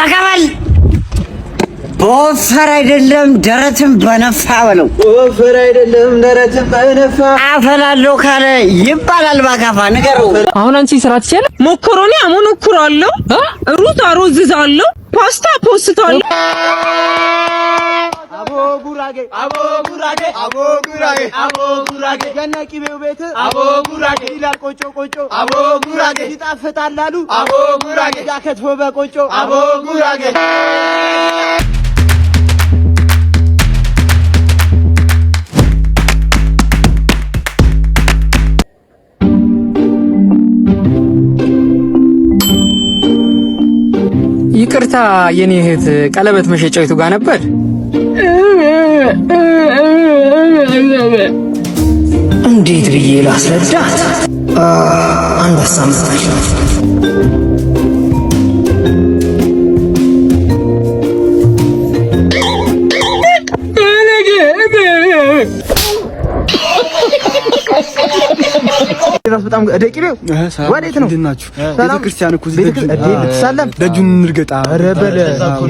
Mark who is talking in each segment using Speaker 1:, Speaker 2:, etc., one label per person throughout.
Speaker 1: ጠጋ በል። በወፈር አይደለም ደረትም በነፋ በለው።
Speaker 2: በወፈር አይደለም ደረትም በነፋ
Speaker 1: አፈላለሁ ካለ ይባላል ባካፋ ንገረው።
Speaker 3: አሁን አንቺ ስራ ትችል። ሞኮሮኒ አሞነኩራለሁ፣ ሩዝ አሮዝዛለሁ፣ ፓስታ ፖስታለሁ
Speaker 4: ጉራጌ አቦ ጉራጌ አቦ ጉራጌ አቦ ጉራጌ ገና ቂቤው ቤት አቦ ጉራጌ ይላል ቆጮ ቆጮ አቦ ጉራጌ ይጣፍጣል አሉ አቦ ጉራጌ ዳከት ቆጮ አቦ ጉራጌ
Speaker 5: ይቅርታ የኔ እህት ቀለበት መሸጫይቱ ጋር ነበር።
Speaker 6: እንዴት ብዬ ላስረዳት? አንድ ሀሳብ
Speaker 7: ራሱ በጣም ደቂ ነው። ወዴት ነው?
Speaker 8: ቤተክርስቲያን እኮ እዚህ
Speaker 7: ደጁን እንርገጣ። ኧረ በለ ጾም አለ።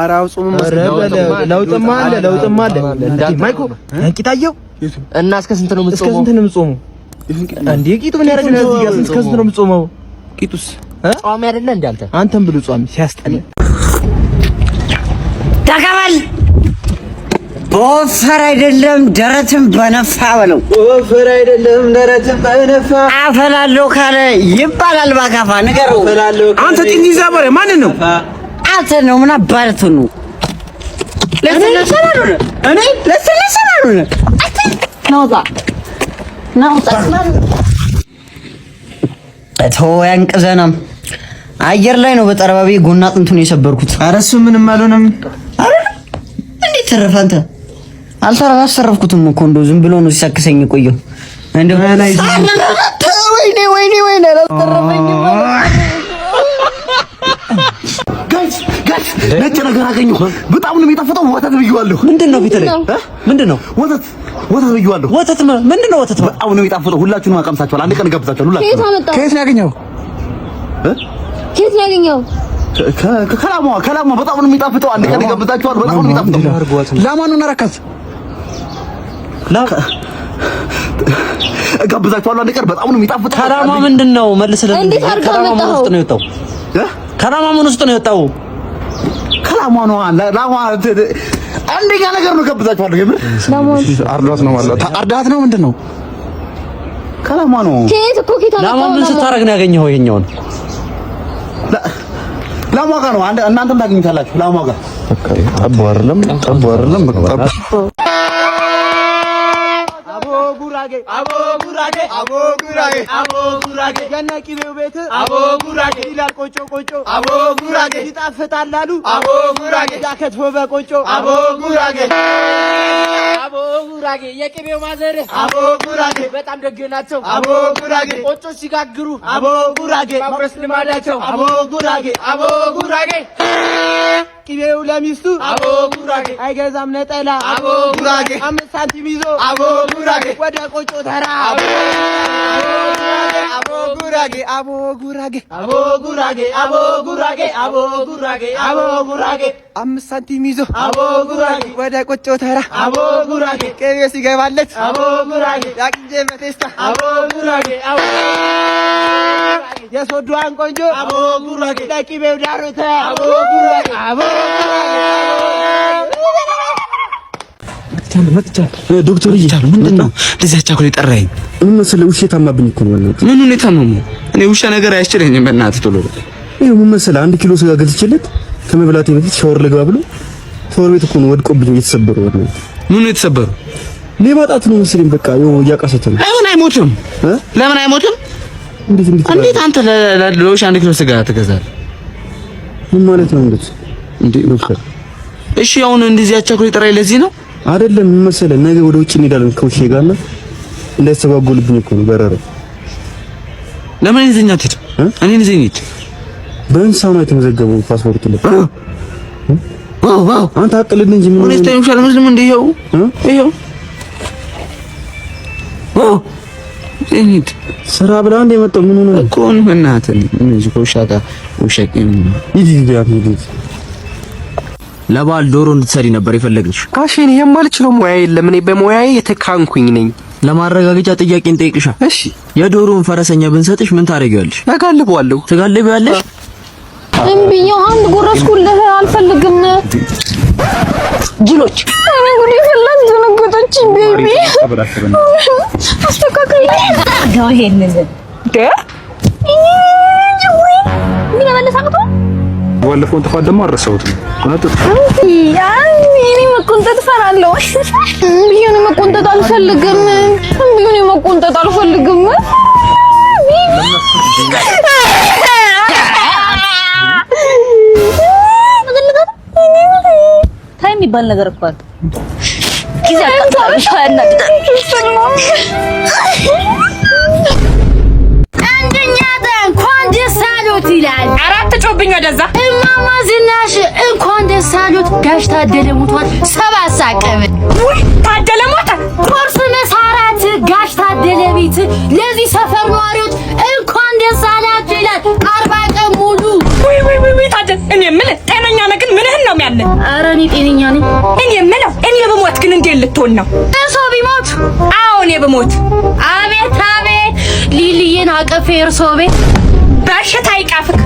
Speaker 7: ኧረ
Speaker 8: ጾም
Speaker 7: ለውጥማ አለ፣ ለውጥማ አለ። ማይኮ እንቂታየው
Speaker 9: እና እስከ ስንት ነው የምትጾመው?
Speaker 7: እስከ ስንት ነው የምትጾመው? እንዴ ቂጡ ምን ያደርግ ነው? እስከ ስንት ነው የምትጾመው?
Speaker 8: ቂጡስ
Speaker 9: ጾም አይደለ እንዴ አንተ
Speaker 7: አንተም ብሉ ጾም ሲያስጠላ
Speaker 1: ተቀበል በወፈር አይደለም ደረትን በነፋ በለው።
Speaker 2: በወፈር አይደለም ደረትን በነፋ
Speaker 1: አፈላለሁ ካለ ይባላል። ባካፋ ንገረው።
Speaker 7: አንተ ጥንት ይዘህ ማን ነው?
Speaker 1: አንተ ነው። ምን አባለት ነው?
Speaker 7: ለሰለሰ እኔ ለሰለሰ ነው። አንተ ናውጣ ናውጣ
Speaker 1: ያንቅዘናም አየር ላይ ነው። በጠረባቢ ጎና አጥንቱን የሰበርኩት።
Speaker 7: አረሱ እሱ ምንም አልሆነም።
Speaker 1: አረ እንዴት ተረፈ አንተ? አልሰራ አላሰረፍኩትም እኮ እንደው ዝም ብሎ ነው ሲሰክሰኝ ቆየው። እንደው
Speaker 7: ወይኔ ወይኔ ወይኔ አላሰረፈኝም።
Speaker 8: ጋይስ ጋይስ ነጭ ነገር አገኘሁ። በጣም ነው የሚጣፍጠው። ወተት ብዬዋለሁ።
Speaker 7: ምንድን ነው ቢተለኝ? ምንድን ነው
Speaker 8: ወተት ወተት ብዬዋለሁ።
Speaker 7: ወተት ምንድን ነው ወተት?
Speaker 8: በጣም ነው የሚጣፍጠው። ሁላችሁንም አቀምሳችኋል። አንድ ቀን እጋብዛችኋለሁ። ሁላችሁ
Speaker 7: ከየት ነው ያገኘው? ከየት ነው ያገኘኸው?
Speaker 8: ከላሟ ከላሟ። በጣም ነው የሚጣፍጠው። አንድ ቀን እጋብዛችኋለሁ። በጣም ነው የሚጣፍጠው።
Speaker 7: ላሟን ነው እናረካት
Speaker 8: እጋብዛችኋለሁ አንድ ቀን በጣም ነው የሚጣፍጥ።
Speaker 7: ከራማ ምንድን ነው መልስልኝ። እንዴት አድርጋ ውስጥ ነው የወጣው ከራማ ምን ውስጥ ነው የወጣው?
Speaker 8: ከራማ ነው ላማ አንደኛ ነገር ነው። እጋብዛችኋለሁ የምር አርዳት ነው ማለት
Speaker 7: አርዳት ነው ምንድን ነው? ከላማ ነው ኬት እኮ ኬት አለ። ላማ ምን ስታረግ ነው ያገኘኸው? ይሄኛውን ላማ ነው እናንተም ታገኙታላችሁ። ላማ ጋር
Speaker 8: አይደለም ጠብ አይደለም ጠብ
Speaker 4: ጉራጌ አቦ ጉራጌ አቦ ጉራጌ አቦ ጉራጌ ገና ቅቤው ቤት አቦ ጉራጌ ይላል ቆጮ ቆጮ አቦ ጉራጌ ይጣፍጣል አሉ አቦ ጉራጌ ዳከት ሆበ ቆጮ አቦ ጉራጌ አቦ ጉራጌ የቅቤው ማዘር አቦ ጉራጌ በጣም ደግ ናቸው አቦ ጉራጌ ቆጮ ሲጋግሩ አቦ ጉራጌ ማውረስ ልማዳቸው አቦ ጉራጌ አቦ ጉራጌ
Speaker 7: ቅቤው ለሚስቱ
Speaker 4: አቦ ጉራጌ
Speaker 7: አይገዛም ነጠላ
Speaker 4: አቦ ጉራጌ
Speaker 7: አምስት ሳንቲም ይዞ
Speaker 4: አቦ ጉራጌ
Speaker 7: ወደ ቆጮ ተራ
Speaker 4: አቦ ጉራጌ አቦ ጉራጌ አቦ ጉራጌ አቦ ጉራጌ አቦ ጉራጌ አቦ ጉራጌ
Speaker 7: አምስት ሳንቲም ይዞ
Speaker 4: አቦ ጉራጌ
Speaker 7: ወደ ቆጮ ተራ
Speaker 4: አቦ ጉራጌ
Speaker 7: ቅቤ ሲገባለት
Speaker 4: አቦ ጉራጌ
Speaker 7: ያቅጄ በቴስታ
Speaker 4: አቦ ጉራጌ አቦ
Speaker 7: የሶዶዋን ቆንጆ
Speaker 4: አቦ ጉራጌ
Speaker 7: ለቅቤው ዳሮታ አቦ ጉራጌ አቦ
Speaker 8: ጉራጌ መጥቻለሁ መጥቻለሁ ዶክተር ይቻሉ
Speaker 7: ምንድን ነው እንደዚህ አቻኩል የጠራኝ
Speaker 8: ምን መሰለህ ውሻ የታማብኝ እኮ ነው።
Speaker 7: ምን ነው ታመሙ? እኔ ውሻ ነገር አያስችለኝም። በእናትህ ቶሎ በል።
Speaker 8: ምን መሰለህ አንድ ኪሎ ስጋ ገዝቼለት ከመብላቴ በፊት ሻወር ልግባ ብሎ ሻወር ቤት እኮ ነው ወድቆብኝ እየተሰበረ ነው። ምን ነው የተሰበረው? ሌባ ጣት ነው መሰለኝ። በቃ ይኸው እያቃሰተ ነው።
Speaker 7: ለምን አይሞትም? ለምን አይሞትም? እንዴት እንዴት አንተ ለውሻ አንድ ኪሎ ስጋ ትገዛለህ?
Speaker 8: ምን ማለት ነው? እንዴ? እንዴ ነው?
Speaker 7: እሺ አሁን እንደዚህ አቻኩል ጥራይ ለዚህ ነው
Speaker 8: አይደለም። ምን መሰለህ ነገ ወደ ውጭ እንሄዳለን ከውሼ ጋር እንዳይስተጓጎልብኝ እኮ ነው። በረረ
Speaker 7: ለምን ይዘኛ ትት እኔ ይዘኝ ይት
Speaker 8: በእንስሳው ነው የተመዘገበው ፓስፖርት ላይ ዋው ዋው አንተ አቅልልኝ እንጂ ምን
Speaker 7: ነው ስታይም ሻል ምንም እንደ ይሄው ይሄው ዋው እንዴት
Speaker 8: ስራ ብላ እንደ የመጣው ምን ሆነ
Speaker 7: እኮ ነው እናትህ ምን እዚህ ኮሻታ ውሸቂ
Speaker 8: ይዲ ይዲ
Speaker 7: ለባል ዶሮ እንድትሰሪ ነበር የፈለግንሽ።
Speaker 8: ጋሽ እኔ የማልችለው ሙያ የለም። እኔ በሙያዬ የተካንኩኝ ነኝ።
Speaker 7: ለማረጋገጫ ጥያቄን ጠይቅሻ። እሺ፣ የዶሮውን ፈረሰኛ ብንሰጥሽ ምን ታደርጊዋለሽ?
Speaker 8: እጋልበዋለሁ።
Speaker 7: ትጋልቢዋለሽ?
Speaker 9: እምቢኛው አንድ ጎረስኩልህ። አልፈልግም። ጅሎች ጉሪ ፈላን ዘነጎቶች ቤቢ አስተካክል።
Speaker 10: ይሄንን
Speaker 7: ደ ይሄ
Speaker 10: ጅዌ ምን
Speaker 8: ባለፈውን ጥፋት ደግሞ አረሳሁትም።
Speaker 9: እኔ መቆንጠጥ እፈራለሁ። ቢሆን መቆንጠጥ አልፈልግም። ቢሆን መቆንጠጥ አልፈልግም።
Speaker 10: ታይ የሚባል ነገር እኮ አለ ጊዜ
Speaker 11: አብዮት ይላል።
Speaker 7: አራት ጮብኝ ወደዛ።
Speaker 11: እማማ ዝናሽ እንኳን ደስ አሉት። ጋሽ ታደለ ሞቷል። ሰባት ሳቀበ
Speaker 7: ውይ ታደለ ሞተ።
Speaker 11: ቁርስ መሳራት ጋሽ ታደለ ቤት ለዚህ ሰፈር ነዋሪዎች እንኳን ደስ አላችሁ ይላል። አርባ ቀን ሙሉ
Speaker 7: ውይ ውይ ውይ ታደለ እኔ የምልህ ጤነኛ ነህ ግን ምንህን ነው የሚያለ?
Speaker 11: ኧረ እኔ ጤነኛ ነኝ።
Speaker 7: እኔ የምለው እኔ በሞት ግን እንዴት ልትሆን ነው?
Speaker 11: እሱ ቢሞት
Speaker 7: አዎ እኔ በሞት
Speaker 11: አቤት አቤት ሊልዬን አቀፌ እርሶ ቤት
Speaker 7: በሽታ ይቀፍክ።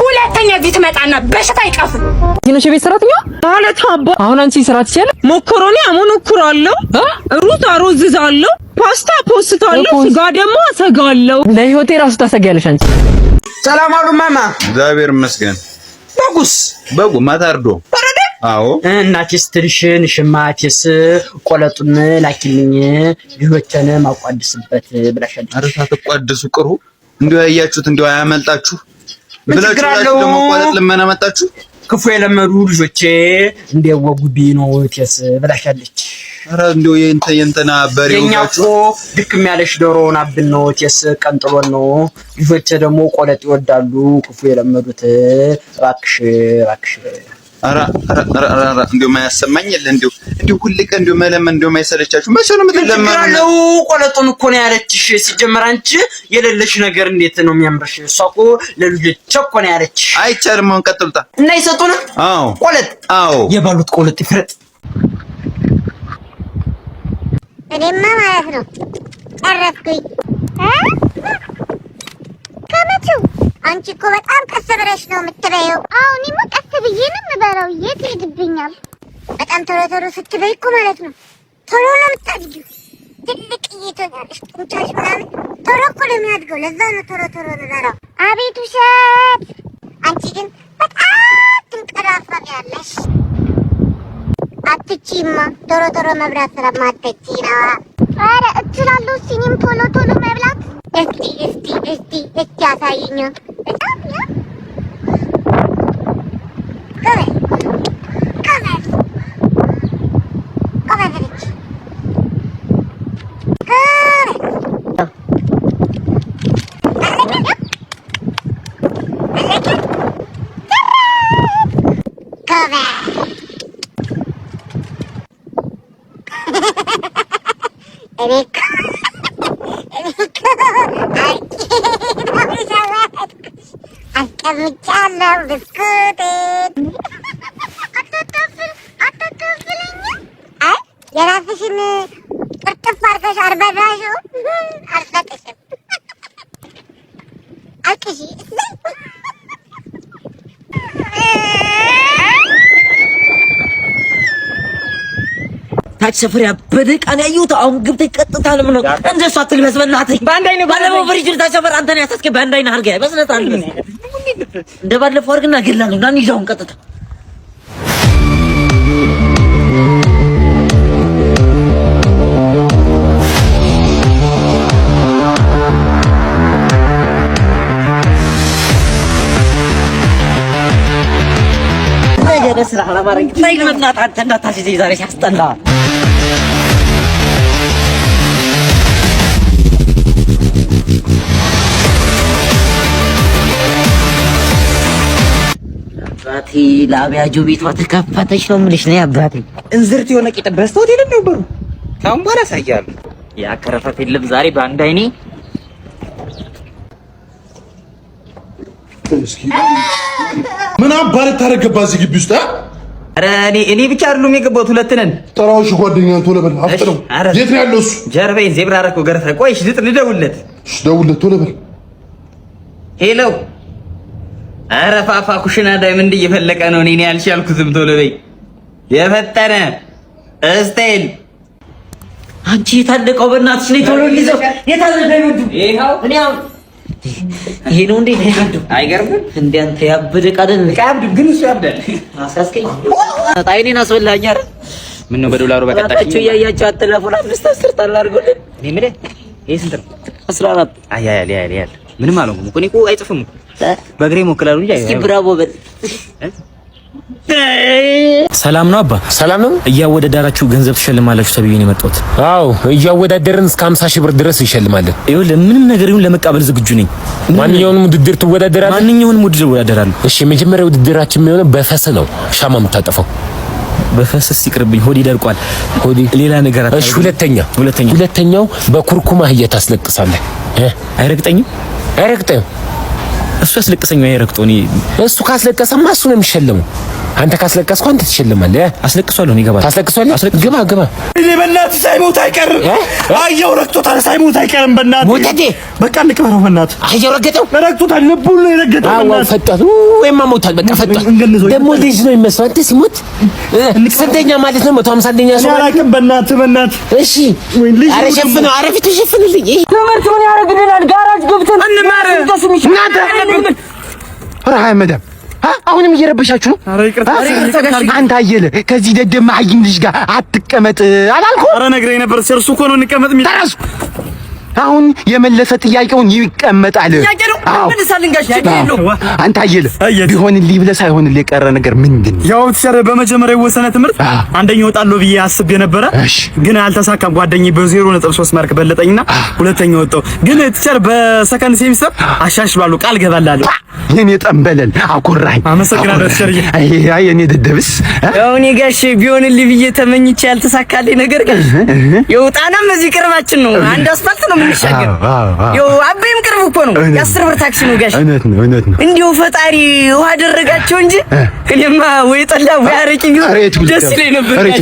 Speaker 7: ሁለተኛ ቤት መጣና በሽታ ይቀፍክ። ይነሽ ቤት ሰራተኛ ማለት አባ አሁን አንቺ ስራ ትችያለሽ። ሞኮሮኒ አሞኖኩራለሁ፣ ሩዝ አሮዝዛለሁ፣ ፓስታ ፖስታለሁ፣ ስጋ ደግሞ አሰጋለሁ። ለህይወቴ ራሱ ታሰጋለሽ አንቺ።
Speaker 1: ሰላም አሉ ማማ።
Speaker 12: እግዚአብሔር ይመስገን። በጉስ በጉ ማታርዶ አዎ
Speaker 1: እናቴስ ትንሽን ሽማቴስ ቆለጡን ላኪልኝ ልጆቼን ማቋድስበት ብላሻለች።
Speaker 12: ኧረ ሳትቋድሱ ቅሩ እንዲሁ ያያችሁት እንዲሁ አያመልጣችሁ
Speaker 1: ብላችሁ ለመቋረጥ ልመና መጣችሁ። ክፉ የለመዱ ልጆቼ እንደወጉ ነው ቴስ ብላሻለች።
Speaker 12: ኧረ እንዲሁ የእንትና በሬው
Speaker 1: የእኛ እኮ ድክም ያለሽ ዶሮውን አብን ነው ቴስ ቀንጥሎን ነው። ልጆቼ ደግሞ ቆለጥ ይወዳሉ። ክፉ የለመዱት እባክሽ እባክሽ
Speaker 12: እንዲ ማያሰማኝ የለ እንዲሁ እንዲሁ ሁል ቀን እንዲሁ መለመን እንዲሁ ማይሰለቻችሁ መቼ ነው የምትለመነው?
Speaker 1: ቆለጡን እኮ ነው ያለችሽ። ሲጀመር አንቺ የሌለሽ ነገር እንዴት ነው የሚያምርሽ? እሷ እኮ ለልጆቿ እኮ ነው ያለችሽ።
Speaker 12: አይቻልም። አሁን ቀጥልጣ እና ይሰጡና አዎ፣ ቆለጥ አዎ፣
Speaker 1: የባሉት ቆለጥ ይፍረጥ።
Speaker 13: እኔማ ማለት ነው ጨረስኩኝ። ከመቼው አንቺ እኮ በጣም ቀስ ብለሽ ነው የምትበይው።
Speaker 14: አሁን ይሙቀ ብዬ ነው የምበላው። የት ሄድብኛል?
Speaker 13: በጣም ቶሎ ቶሎ ስትበይ እኮ ማለት ነው ቶሎ ነው የምታድጊው። ትልቅ እየተኛለሽ ጡንቻሽ ምናምን ቶሎ እኮ ነው የሚያድገው። ለዛ ነው ቶሎ ቶሎ የምበላው።
Speaker 14: አቤት ውሸት!
Speaker 13: አንቺ ግን በጣም ያለሽ። አትችይማ ቶሎ ቶሎ መብላት ስለማትችዪ ነው።
Speaker 14: እችላለሁ። ቶሎ ቶሎ መብላት
Speaker 13: እስቲ እስቲ እስቲ እስቲ And it I I I'm can't the Are you? Eric. Eric. Hasta mi channel discarded. የራስሽን ቅርጥፍ i አርበዳሽው አልፈጥሽም አልቅሽ
Speaker 1: ታች ሰፈር ያበደ ዕቃ ነው ያየሁት። አሁን ገብተህ ቀጥታ ነው የምንወጣው። እንደሱ ባንዳይ ነው ባለፈው ፍሪጅ ታች ሰፈር አንተ ነው ያሳስከኝ። በአንድ አይነት አድርገህ በስነት አልበስ። እንደ ባለፈው አድርግና ገላለሁ እና ይዘውን ቀጥታ ነገር ስራ አላማረኝ። ታይ በእናትህ አንተ እንዳታስይዘኝ ዛሬ ሲያስጠላ ለአብያጁ ቤቷ ተከፈተች ነው የምልሽ። ነው አባቴ
Speaker 7: እንዝርት የሆነ ቂጥ በስተው ሄደ ነበሩ። ካሁን በኋላ
Speaker 1: ያ ከረፈት የለም ዛሬ በአንድ አይኔ
Speaker 15: ምን አባለ ታረገባ እዚህ ግቢ ውስጥ
Speaker 1: አረ እኔ እኔ ብቻ አይደሉም የገባሁት፣ ሁለት ነን።
Speaker 15: ጠራውሽ ጓደኛን ቶሎ በል አፍጥነው። የት ነው ያለው እሱ?
Speaker 1: ጀርበይን ዜብራ አደረከው ገረፈ። ቆይ ልጥር ልደውልለት፣
Speaker 15: ደውልለት ቶሎ በል
Speaker 1: ሄለው ኧረ ፋፋ ኩሽና ዳይመንድ እየፈለቀ ነው። እኔ ያልሽ ያልኩት ዝም ቶሎ በይ የፈጠነ እስቴል አንቺ የታለቀው በእናትሽ ላይ ቶሎ ሊዘው ነው እንዴ? አይገርምም? እንደ አንተ ያበደ ቃደን
Speaker 7: ቃብድ ግን እሱ ያብዳል።
Speaker 1: አይኔን አስበላኝ። ኧረ ምን ነው በዶላሩ በቀጣሽ
Speaker 7: እያያቸው አትለፉን አምስት አስር ታላርጎልን
Speaker 1: እኔ ይሄ ስንት ነው? አስራ አራት አያያል ያያል ምንም አልሆንኩም እኮ እኔ እኮ አይጽፍም እኮ በእግሬ ሞክላሉ እንጂ።
Speaker 7: አይ ብራቮ በል።
Speaker 1: ሰላም ነው አባ። ሰላም ነው። እያወዳደራችሁ ገንዘብ ትሸልማላችሁ ተብዬ ነው የመጣሁት።
Speaker 16: አዎ እያወዳደርን እስከ 50 ሺህ ብር ድረስ እንሸልማለን።
Speaker 1: ይኸውልህ ምንም ነገር ይሁን ለመቃበል ዝግጁ ነኝ። ማንኛውንም ውድድር ትወዳደራለህ? ማንኛውንም ውድድር እወዳደራለሁ። እሺ፣ የመጀመሪያ ውድድራችን የሚሆነው በፈስ ነው። ሻማ የምታጠፋው
Speaker 16: በፈሰስ ይቅርብኝ፣ ሆዴ ደርቋል። ሆዴ ሌላ ነገር
Speaker 1: አታውቅም። እሺ፣ ሁለተኛ ሁለተኛው በኩርኩማ እየታስለቅሳለህ። አይረግጠኝም አይረግጠው።
Speaker 16: እሱ ያስለቀሰኝ ወይ ረግጦ
Speaker 1: እሱ ካስለቀሰማ እሱ ነው የሚሸለመው። አንተ ካስለቀስኩ አንተ ትሸልማለህ።
Speaker 16: አስለቅሷለሁ እኔ እገባለሁ።
Speaker 1: ታስለቅሷለህ። ግባ ግባ።
Speaker 16: እኔ በእናትህ ሳይሞት አይቀርም። አየው ረግጦታል። ሳይሞት አይቀርም። በእናትህ ሞተዴ በቃ እንቅበረው። በእናትህ አየው ረገጠው። ረግጦታል። ልቡን ነው የረገጠው።
Speaker 1: አዎ ፈጣት ወይማ ሞታል። በቃ ፈጣት ደግሞ ልጅ ነው የሚመስለው። አንተ ሲሞት ስንተኛ ማለት ነው? መቶ ሀምሳ አንደኛ
Speaker 16: ሰው አላውቅም። በእናትህ በእናትህ።
Speaker 1: እሺ አረ ሸፍነው። አረ ፊቱ ሸፍንልኝ
Speaker 17: ትምህርት ምን ያደርግልናል? ጋራጅ ገብተን
Speaker 1: እንማር። እናንተ ረሃይ መዳም አሁንም እየረበሻችሁ ነው። አንተ አየለ ከዚህ ደደብ መሀይም ልጅ ጋር አትቀመጥ አላልኩም?
Speaker 16: ኧረ ነግረኝ ነበር። እሱ እኮ ነው እንቀመጥ የሚል
Speaker 1: አሁን የመለሰ ጥያቄውን ይቀመጣል። ጥያቄ ነው አንተ አየለ ቢሆንልህ ብለህ ሳይሆንልህ የቀረ ነገር ምንድን
Speaker 16: ነው? ያው ተሻለ በመጀመሪያ የወሰነ ትምህርት አንደኛ እወጣለሁ ብዬ አስቤ ነበረ፣ ግን አልተሳካም። ጓደኛዬ በዜሮ ነጥብ ሦስት ማርክ በለጠኝና ሁለተኛ ወጣሁ። ግን ተሻለ በሰከንድ ሴሚስተር አሻሽላለሁ፣ ቃል እገባላለሁ።
Speaker 1: የኔ ጠንበለል አኮራኝ።
Speaker 16: አመሰግናለሁ ተሻለ።
Speaker 1: አይ የኔ ደደብስ ያው እኔ ጋሽ ቢሆንልህ ብዬ ተመኝቼ ያልተሳካልኝ ነገር ግን የውጣናም እዚህ ቅርባችን ነው፣ አንድ አስፋልት ነው የምንሻገር። ያው አቤ በጣም ቅርብ እኮ ነው። የአስር ብር ታክሲ ነው ጋሽ። እውነት ነው፣ እውነት ነው። እንዲሁ ፈጣሪ ውሃ አደረጋቸው እንጂ እኔማ ወይ ጠላ ወይ አረቂ ቢሆን ደስ ይለኝ ነበር።